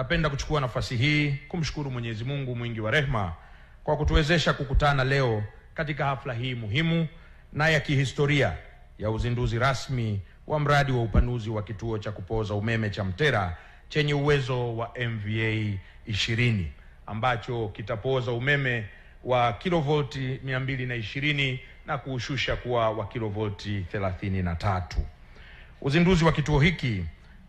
Napenda kuchukua nafasi hii kumshukuru Mwenyezi Mungu mwingi wa rehma kwa kutuwezesha kukutana leo katika hafla hii muhimu na ya kihistoria ya uzinduzi rasmi wa mradi wa upanuzi wa kituo cha kupoza umeme cha Mtera chenye uwezo wa MVA 20 ambacho kitapoza umeme wa kilovolti 220 na kuushusha kuwa wa kilovolti 33. Uzinduzi wa kituo hiki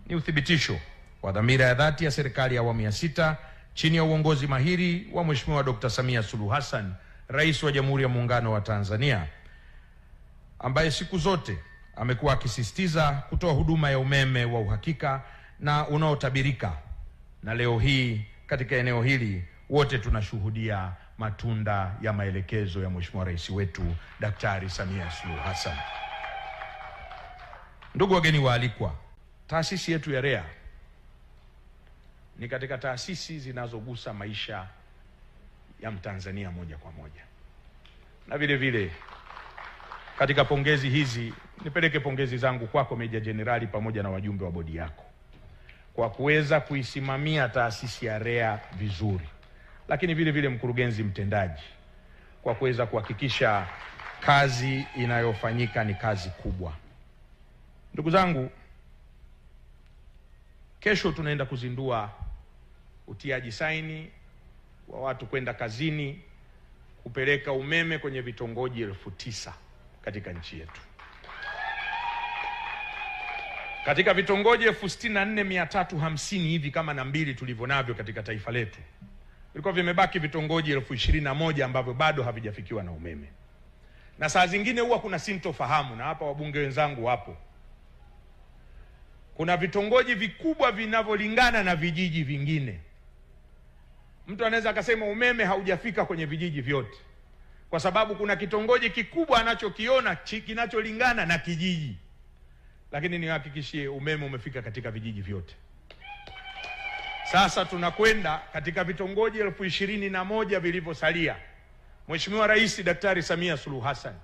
ni uthibitisho kwa dhamira ya dhati ya serikali ya awamu ya sita chini ya uongozi mahiri wa Mheshimiwa Dkt. Samia Suluhu Hassan, Rais wa Jamhuri ya Muungano wa Tanzania, ambaye siku zote amekuwa akisisitiza kutoa huduma ya umeme wa uhakika na unaotabirika. Na leo hii katika eneo hili wote tunashuhudia matunda ya maelekezo ya Mheshimiwa Rais wetu Daktari Samia Suluhu Hassan. Ndugu wageni waalikwa, taasisi yetu ya REA ni katika taasisi zinazogusa maisha ya Mtanzania moja kwa moja. Na vile vile katika pongezi hizi nipeleke pongezi zangu kwako Meja Jenerali pamoja na wajumbe wa bodi yako kwa kuweza kuisimamia taasisi ya REA vizuri, lakini vile vile mkurugenzi mtendaji kwa kuweza kuhakikisha kazi inayofanyika ni kazi kubwa. Ndugu zangu, kesho tunaenda kuzindua utiaji saini wa watu kwenda kazini, kupeleka umeme kwenye vitongoji elfu tisa katika nchi yetu. Katika vitongoji elfu sitini na nne mia tatu hamsini hivi kama na mbili tulivyo navyo katika taifa letu, vilikuwa vimebaki vitongoji elfu ishirini na moja ambavyo bado havijafikiwa na umeme, na saa zingine huwa kuna sintofahamu, na hapa wabunge wenzangu wapo. Kuna vitongoji vikubwa vinavyolingana na vijiji vingine Mtu anaweza akasema umeme haujafika kwenye vijiji vyote, kwa sababu kuna kitongoji kikubwa anachokiona kinacholingana na kijiji, lakini niwahakikishie umeme umefika katika vijiji vyote. Sasa tunakwenda katika vitongoji elfu ishirini na moja vilivyosalia. Mheshimiwa Rais Daktari Samia Suluhu Hassan